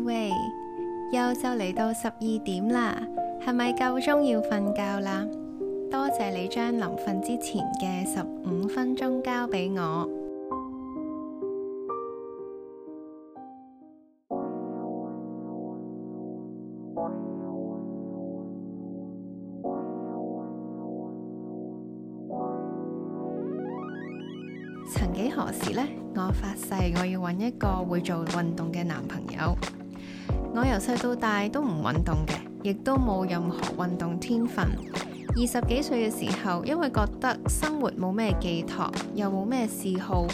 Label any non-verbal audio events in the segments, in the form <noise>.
喂，又就嚟到十二點啦，係咪夠鐘要瞓覺啦？多謝你將臨瞓之前嘅十五分鐘交俾我。 <music> 曾幾何時呢？我發誓我要揾一個會做運動嘅男朋友。我由細到大都唔運動嘅，亦都冇任何運動天分。二十幾歲嘅時候，因為覺得生活冇咩寄託，又冇咩嗜好，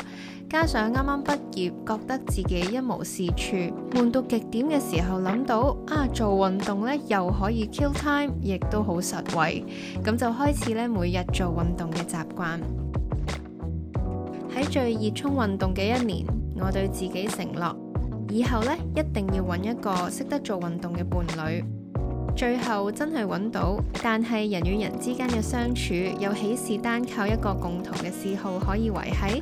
加上啱啱畢業，覺得自己一無是處，悶到極點嘅時候，諗到啊做運動咧又可以 kill time，亦都好實惠，咁就開始咧每日做運動嘅習慣。喺最熱衷運動嘅一年，我對自己承諾。以後咧，一定要揾一個識得做運動嘅伴侶。最後真係揾到，但係人與人之間嘅相處，又豈是單靠一個共同嘅嗜好可以維繫？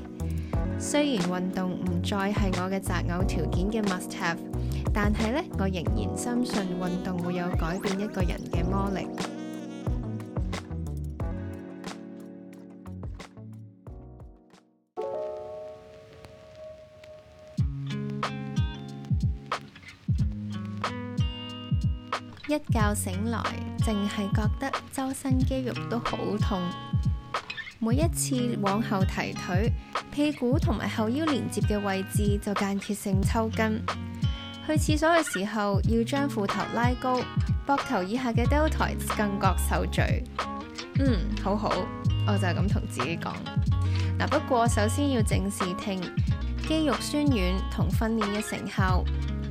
雖然運動唔再係我嘅擇偶條件嘅 must have，但係咧，我仍然深信運動會有改變一個人嘅魔力。一覺醒來，淨係覺得周身肌肉都好痛。每一次往後提腿，屁股同埋後腰連接嘅位置就間歇性抽筋。去廁所嘅時候，要將褲頭拉高，膊頭以下嘅 deltoid 更覺受罪。嗯，好好，我就咁同自己講。嗱，不過首先要正視聽，肌肉酸軟同訓練嘅成效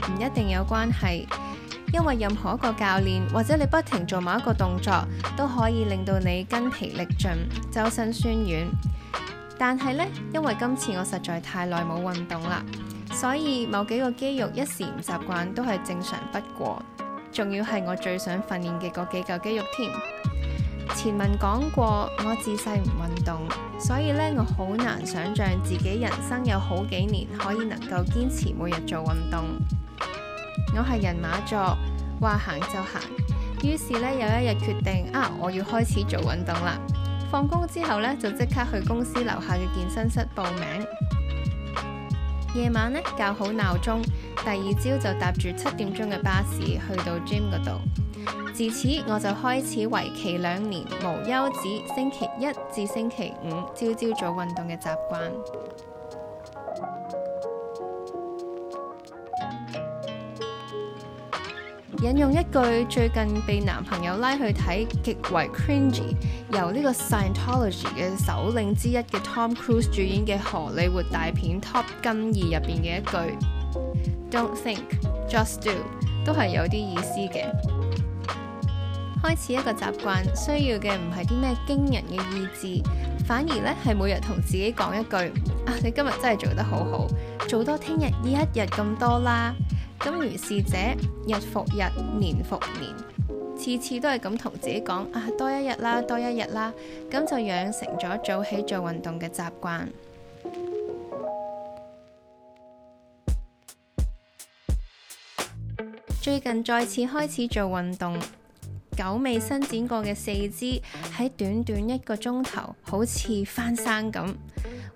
唔一定有關係。因為任何一個教練或者你不停做某一個動作，都可以令到你筋疲力盡、周身酸軟。但係呢，因為今次我實在太耐冇運動啦，所以某幾個肌肉一時唔習慣都係正常不過。仲要係我最想訓練嘅嗰幾嚿肌肉添。前文講過，我自細唔運動，所以呢，我好難想象自己人生有好幾年可以能夠堅持每日做運動。我係人馬座，話行就行。於是咧，有一日決定啊，我要開始做運動啦。放工之後咧，就即刻去公司樓下嘅健身室報名。夜晚呢，校好鬧鐘，第二朝就搭住七點鐘嘅巴士去到 gym 嗰度。自此我就開始為期兩年無休止，星期一至星期五朝朝做運動嘅習慣。引用一句最近被男朋友拉去睇極為 cringy，由呢個 Scientology 嘅首領之一嘅 Tom Cruise 主演嘅荷里活大片《Top Gun 二》入邊嘅一句：「Don't think, just do」，都係有啲意思嘅。開始一個習慣，需要嘅唔係啲咩驚人嘅意志，反而呢係每日同自己講一句：啊，你今日真係做得好好，做多聽日呢一日咁多啦。咁如是者，日復日，年復年，次次都係咁同自己講，啊，多一日啦，多一日啦，咁就養成咗早起做運動嘅習慣。 <music> 最近再次開始做運動，久未伸展過嘅四肢，喺短短一個鐘頭，好似翻生咁。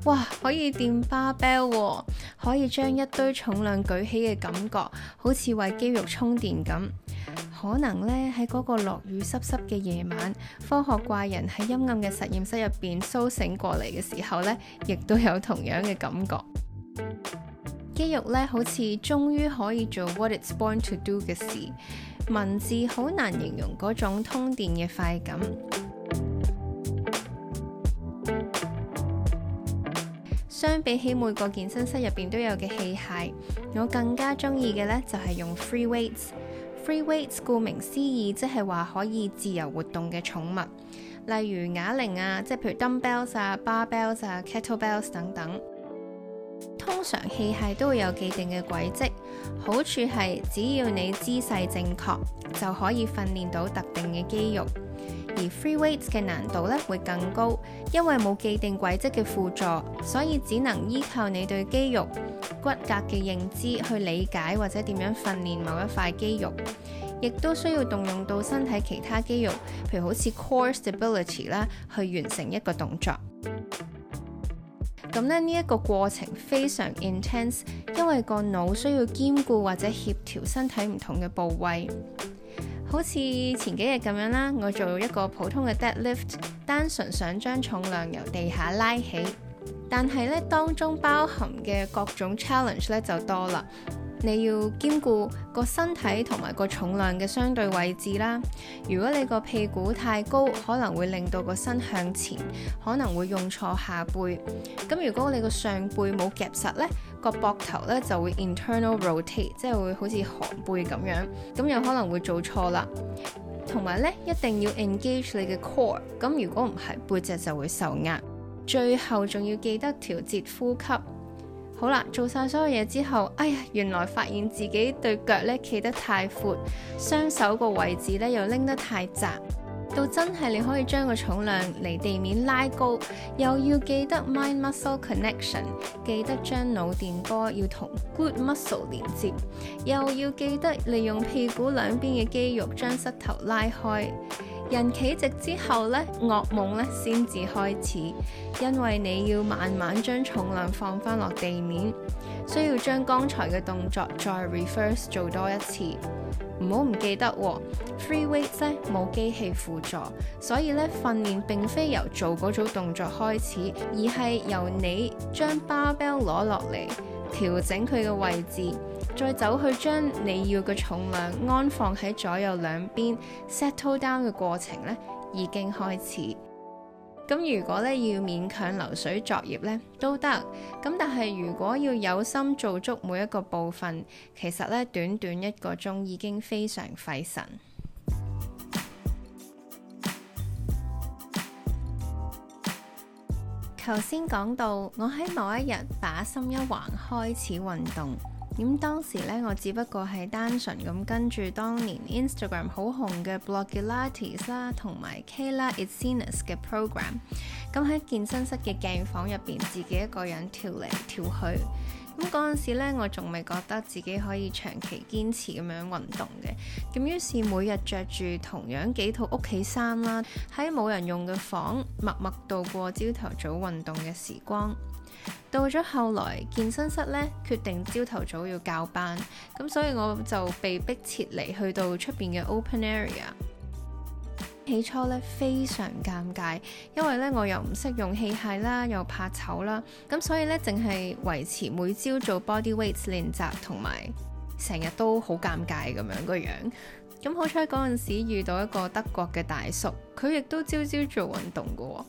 哇，可以掂 barbell 喎，可以將一堆重量舉起嘅感覺，好似為肌肉充電咁。可能呢，喺嗰個落雨濕濕嘅夜晚，科學怪人喺陰暗嘅實驗室入邊甦醒過嚟嘅時候呢，亦都有同樣嘅感覺。肌肉呢，好似終於可以做 what it's born to do 嘅事，文字好難形容嗰種通電嘅快感。相比起每個健身室入邊都有嘅器械，我更加中意嘅呢就係用 free weights。Free weights 顧名思義，即係話可以自由活動嘅重物，例如啞鈴啊，即係譬如 dumbbells 啊、barbells 啊、kettlebells 等等。通常器械都會有既定嘅軌跡，好處係只要你姿勢正確，就可以訓練到特定嘅肌肉。而 free weights 嘅難度咧會更高，因為冇既定軌跡嘅輔助，所以只能依靠你對肌肉骨骼嘅認知去理解或者點樣訓練某一塊肌肉，亦都需要動用到身體其他肌肉，譬如好似 core stability 啦，去完成一個動作。咁咧呢一個過程非常 intense，因為個腦需要兼顧或者協調身體唔同嘅部位。好似前幾日咁樣啦，我做一個普通嘅 deadlift，單純想將重量由地下拉起，但係咧當中包含嘅各種 challenge 咧就多啦。你要兼顧個身體同埋個重量嘅相對位置啦。如果你個屁股太高，可能會令到個身向前，可能會用錯下背。咁如果你個上背冇夾實呢，個膊頭呢就會 internal rotate，即係會好似寒背咁樣。咁有可能會做錯啦。同埋呢，一定要 engage 你嘅 core。咁如果唔係，背脊就會受壓。最後仲要記得調節呼吸。好啦，做晒所有嘢之後，哎呀，原來發現自己對腳咧企得太闊，雙手個位置咧又拎得太窄，到真係你可以將個重量離地面拉高，又要記得 mind muscle connection，記得將腦電波要同 good muscle 連接，又要記得利用屁股兩邊嘅肌肉將膝頭拉開。人企直之後咧，噩夢咧先至開始，因為你要慢慢將重量放翻落地面，需要將剛才嘅動作再 reverse 做多一次，唔好唔記得。Free weights 咧冇機器輔助，所以咧訓練並非由做嗰組動作開始，而係由你將 barbell 攞落嚟，調整佢嘅位置。再走去將你要嘅重量安放喺左右兩邊 settle <noise> down 嘅過程呢已經開始。咁如果呢要勉強流水作業呢，都得，咁但係如果要有心做足每一個部分，其實呢短短一個鐘已經非常費神。頭先講到，我喺某一日把心一橫，開始運動。咁當時咧，我只不過係單純咁跟住當年 Instagram 好紅嘅 Blogilates 啦，同埋 Kayla Itsines 嘅 program。咁喺健身室嘅鏡房入邊，自己一個人跳嚟跳去。咁嗰陣時咧，我仲未覺得自己可以長期堅持咁樣運動嘅。咁於是每日着住同樣幾套屋企衫啦，喺冇人用嘅房默默度過朝頭早運動嘅時光。到咗後來，健身室咧決定朝頭早要教班，咁所以我就被迫撤離去到出邊嘅 open area。起初咧，非常尷尬，因為咧我又唔識用器械啦，又怕醜啦，咁所以咧淨係維持每朝做 body weights 練習，同埋成日都好尷尬咁樣個樣。咁好彩嗰陣時遇到一個德國嘅大叔，佢亦都朝朝做運動噶喎。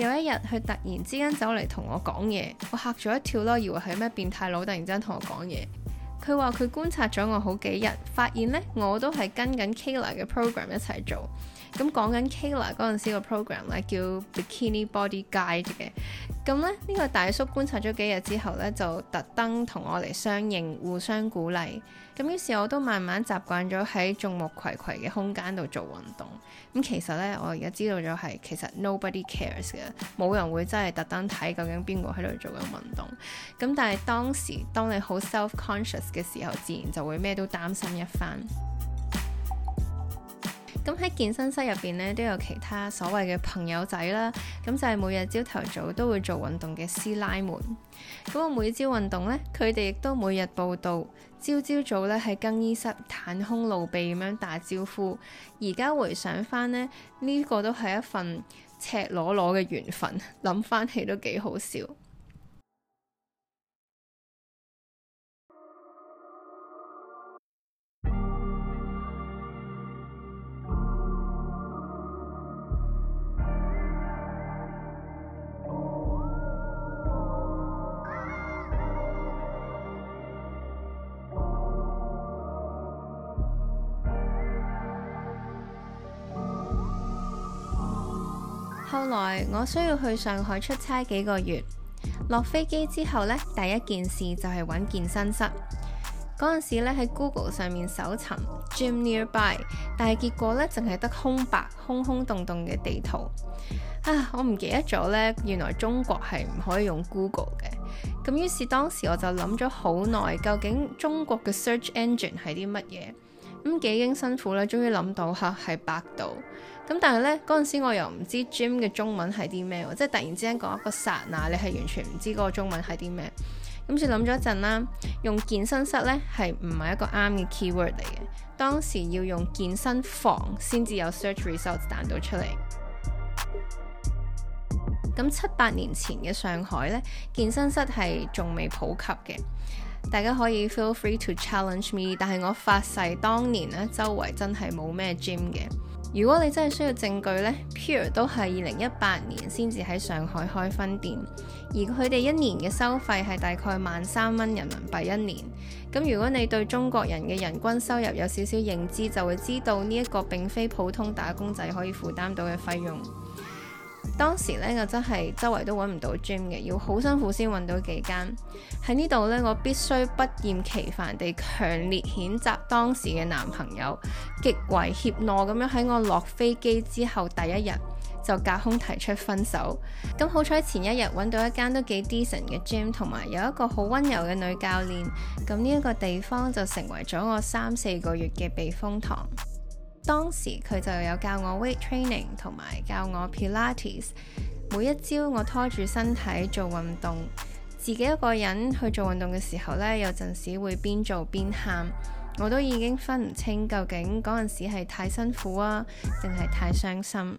有一日，佢突然之間走嚟同我講嘢，我嚇咗一跳咯，以為係咩變態佬突然之間同我講嘢。佢話佢觀察咗我好幾日，發現呢我都係跟緊 Kayla 嘅 program 一齊做。咁講緊 Kayla 嗰陣時個 program 咧，叫 Bikini Body Guide 嘅。咁咧，呢個大叔觀察咗幾日之後咧，就特登同我嚟相應，互相鼓勵。咁於是我都慢慢習慣咗喺眾目睽睽嘅空間度做運動。咁其實咧，我而家知道咗係其實 nobody cares 嘅，冇人會真係特登睇究竟邊個喺度做緊運動。咁但係當時當你好 self-conscious 嘅時候，自然就會咩都擔心一番。咁喺健身室入邊呢，都有其他所謂嘅朋友仔啦。咁就係每日朝頭早都會做運動嘅師奶們。咁我每朝運動呢，佢哋亦都每日報道，朝朝早咧喺更衣室坦胸露臂咁樣打招呼。而家回想翻呢，呢個都係一份赤裸裸嘅緣分。諗翻起都幾好笑。我需要去上海出差幾個月，落飛機之後咧，第一件事就係揾健身室。嗰陣時呢喺 Google 上面搜尋 gym nearby，但係結果咧淨係得空白、空空洞洞嘅地圖啊！我唔記得咗呢，原來中國係唔可以用 Google 嘅。咁於是當時我就諗咗好耐，究竟中國嘅 search engine 係啲乜嘢？咁、嗯、幾經辛苦咧，終於諗到嚇係百度。咁但係呢，嗰陣時我又唔知 gym 嘅中文係啲咩喎，即係突然之間講一個剎那，你係完全唔知嗰個中文係啲咩。咁就諗咗一陣啦，用健身室呢係唔係一個啱嘅 keyword 嚟嘅？當時要用健身房先至有 search results 彈到出嚟。咁七八年前嘅上海呢，健身室係仲未普及嘅。大家可以 feel free to challenge me，但係我發誓當年咧周圍真係冇咩 gym 嘅。如果你真係需要證據呢 Pure 都係二零一八年先至喺上海開分店，而佢哋一年嘅收費係大概萬三蚊人民幣一年。咁如果你對中國人嘅人均收入有少少認知，就會知道呢一個並非普通打工仔可以負擔到嘅費用。當時咧我真係周圍都揾唔到 gym 嘅，要好辛苦先揾到幾間。喺呢度呢，我必須不厭其煩地強烈譴責當時嘅男朋友，極為怯懦咁樣喺我落飛機之後第一日就隔空提出分手。咁好彩前一日揾到一間都幾 decent 嘅 gym，同埋有一個好温柔嘅女教練。咁呢一個地方就成為咗我三四個月嘅避風塘。當時佢就有教我 weight training 同埋教我 Pilates，每一朝我拖住身體做運動，自己一個人去做運動嘅時候呢，有陣時會邊做邊喊，我都已經分唔清究竟嗰陣時係太辛苦啊，定係太傷心。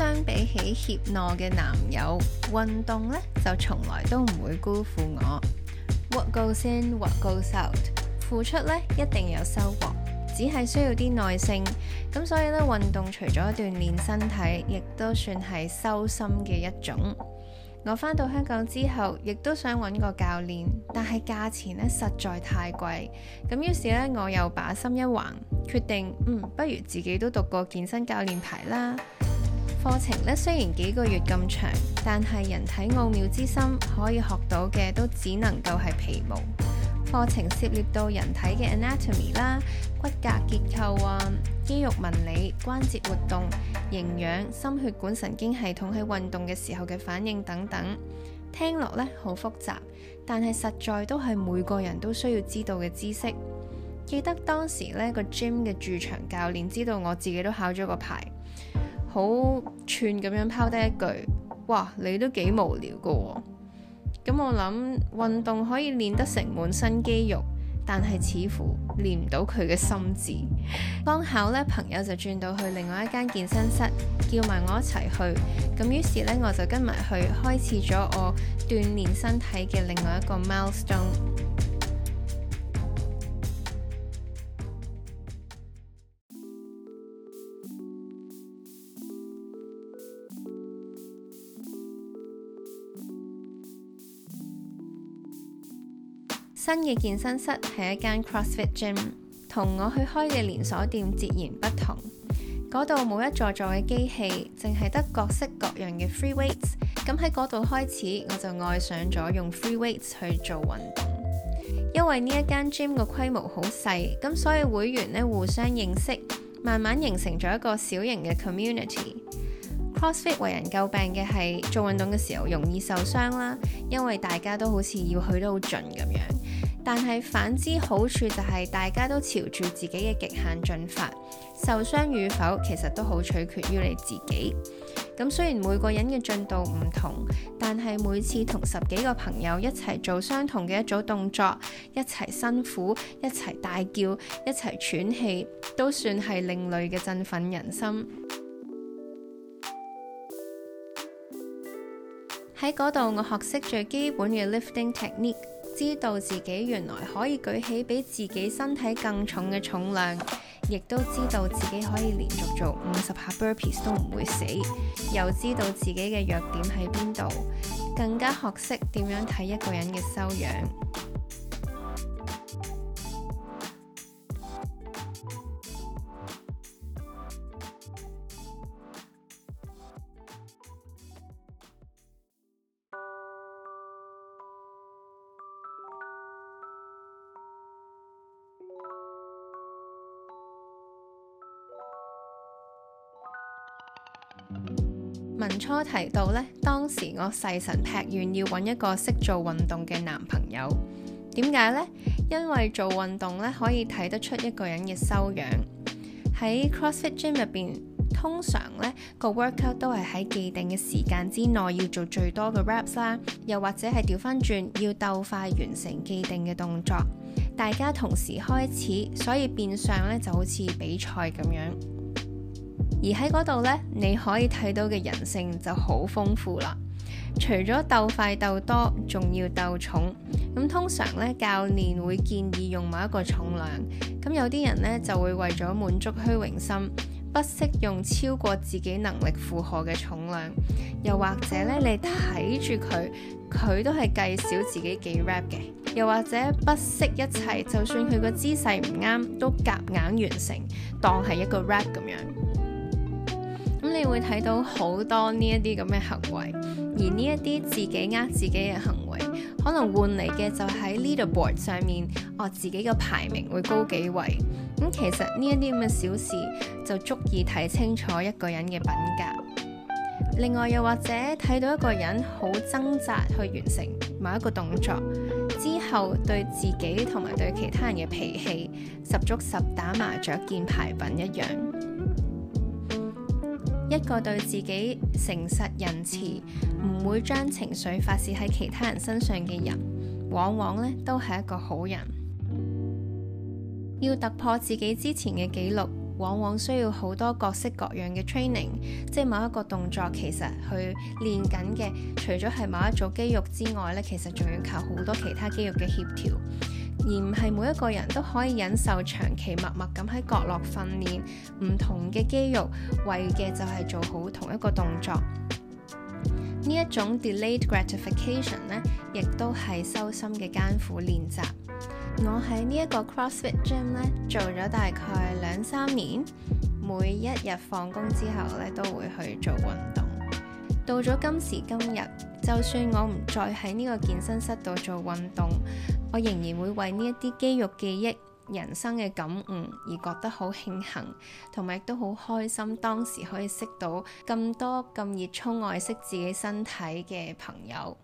相比起怯懦嘅男友，運動呢就從來都唔會辜負我。What goes in, what goes out，付出呢一定有收穫，只係需要啲耐性。咁所以呢，運動除咗鍛煉身體，亦都算係修心嘅一種。我返到香港之後，亦都想揾個教練，但係價錢呢實在太貴。咁於是呢，我又把心一橫，決定嗯，不如自己都讀個健身教練牌啦。課程呢雖然幾個月咁長，但係人體奧妙之心可以學到嘅都只能夠係皮毛。課程涉獵到人體嘅 anatomy 啦、骨骼結構啊、肌肉紋理、關節活動、營養、心血管神經系統喺運動嘅時候嘅反應等等，聽落呢好複雜，但係實在都係每個人都需要知道嘅知識。記得當時呢個 gym 嘅駐場教練知道我自己都考咗個牌。好串咁樣拋低一句，哇！你都幾無聊㗎喎、哦。咁我諗運動可以練得成滿身肌肉，但係似乎練唔到佢嘅心智。剛巧呢，朋友就轉到去另外一間健身室，叫埋我一齊去。咁於是呢，我就跟埋去，開始咗我鍛鍊身體嘅另外一個 milestone。新嘅健身室係一間 CrossFit gym，同我去開嘅連鎖店截然不同。嗰度冇一座座嘅機器，淨係得各式各樣嘅 free weights。咁喺嗰度開始，我就愛上咗用 free weights 去做運動。因為呢一間 gym 個規模好細，咁所以會員呢互相認識，慢慢形成咗一個小型嘅 community。CrossFit 為人詬病嘅係做運動嘅時候容易受傷啦，因為大家都好似要去得好盡咁樣。但係反之，好處就係大家都朝住自己嘅極限進發，受傷與否其實都好取決於你自己。咁雖然每個人嘅進度唔同，但係每次同十幾個朋友一齊做相同嘅一組動作，一齊辛苦，一齊大叫，一齊喘氣，都算係另類嘅振奮人心。喺嗰度，我學識最基本嘅 lifting technique。知道自己原來可以舉起比自己身體更重嘅重量，亦都知道自己可以連續做五十下 burpees 都唔會死，又知道自己嘅弱點喺邊度，更加學識點樣睇一個人嘅修養。文初提到呢，當時我誓神劈願要揾一個識做運動嘅男朋友，點解呢？因為做運動咧可以睇得出一個人嘅修養。喺 CrossFit Gym 入邊，通常呢個 workout 都係喺既定嘅時間之內要做最多嘅 reps 啦，又或者係掉返轉要鬥快完成既定嘅動作，大家同時開始，所以變相咧就好似比賽咁樣。而喺嗰度呢，你可以睇到嘅人性就好豐富啦。除咗鬥快、鬥多，仲要鬥重。咁通常呢，教練會建議用某一個重量。咁有啲人呢，就會為咗滿足虛榮心，不惜用超過自己能力負荷嘅重量。又或者咧，你睇住佢，佢都係計少自己幾 rap 嘅。又或者不惜一切，就算佢個姿勢唔啱，都夾硬完成，當係一個 rap 咁樣。你會睇到好多呢一啲咁嘅行為，而呢一啲自己呃自己嘅行為，可能換嚟嘅就喺 Leaderboard 上面，我自己嘅排名會高幾位。咁、嗯、其實呢一啲咁嘅小事就足以睇清楚一個人嘅品格。另外又或者睇到一個人好掙扎去完成某一個動作之後，對自己同埋對其他人嘅脾氣，十足十打麻雀見牌品一樣。一個對自己誠實、仁慈，唔會將情緒發洩喺其他人身上嘅人，往往咧都係一個好人。要突破自己之前嘅紀錄，往往需要好多各式各樣嘅 training，即係某一個動作其實去練緊嘅，除咗係某一組肌肉之外咧，其實仲要靠好多其他肌肉嘅協調。而唔係每一個人都可以忍受長期默默咁喺角落訓練唔同嘅肌肉，為嘅就係做好同一個動作。呢一種 delayed gratification 呢，亦都係修心嘅艱苦練習。我喺呢一個 CrossFit gym 呢，做咗大概兩三年，每一日放工之後呢，都會去做運動。到咗今時今日，就算我唔再喺呢個健身室度做運動，我仍然會為呢一啲肌肉記憶、人生嘅感悟而覺得好慶幸，同埋亦都好開心當時可以識到咁多咁熱衷愛惜自己身體嘅朋友。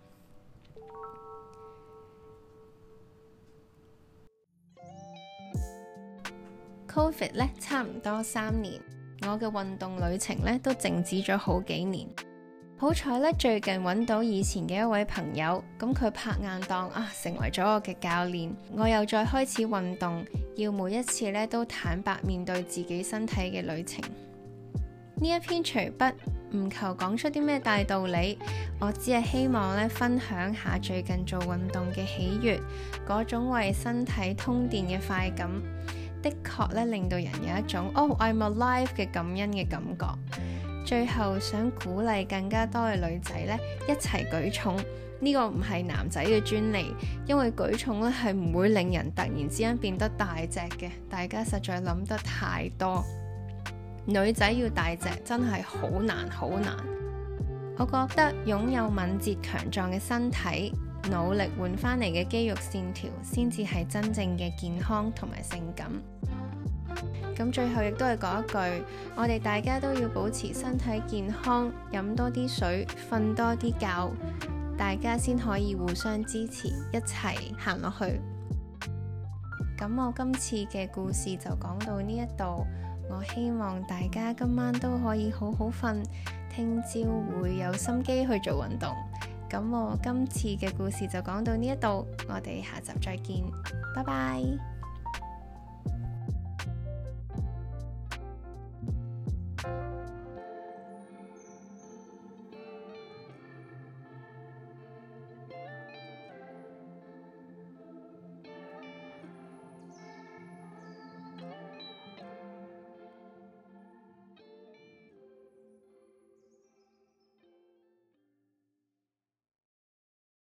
COVID 咧，差唔多三年，我嘅運動旅程咧都靜止咗好幾年。好彩咧，最近揾到以前嘅一位朋友，咁佢拍硬檔啊，成為咗我嘅教練，我又再開始運動，要每一次咧都坦白面對自己身體嘅旅程。呢一篇隨筆唔求講出啲咩大道理，我只係希望咧分享下最近做運動嘅喜悅，嗰種為身體通電嘅快感，的確咧令到人有一種哦，oh, I'm alive 嘅感恩嘅感覺。最後想鼓勵更加多嘅女仔呢，一齊舉重。呢個唔係男仔嘅專利，因為舉重咧係唔會令人突然之間變得大隻嘅。大家實在諗得太多，女仔要大隻真係好難好難。我覺得擁有敏捷強壯嘅身體，努力換翻嚟嘅肌肉線條，先至係真正嘅健康同埋性感。咁最後亦都係講一句，我哋大家都要保持身體健康，飲多啲水，瞓多啲覺，大家先可以互相支持，一齊行落去。咁我今次嘅故事就講到呢一度，我希望大家今晚都可以好好瞓，聽朝會有心機去做運動。咁我今次嘅故事就講到呢一度，我哋下集再見，拜拜。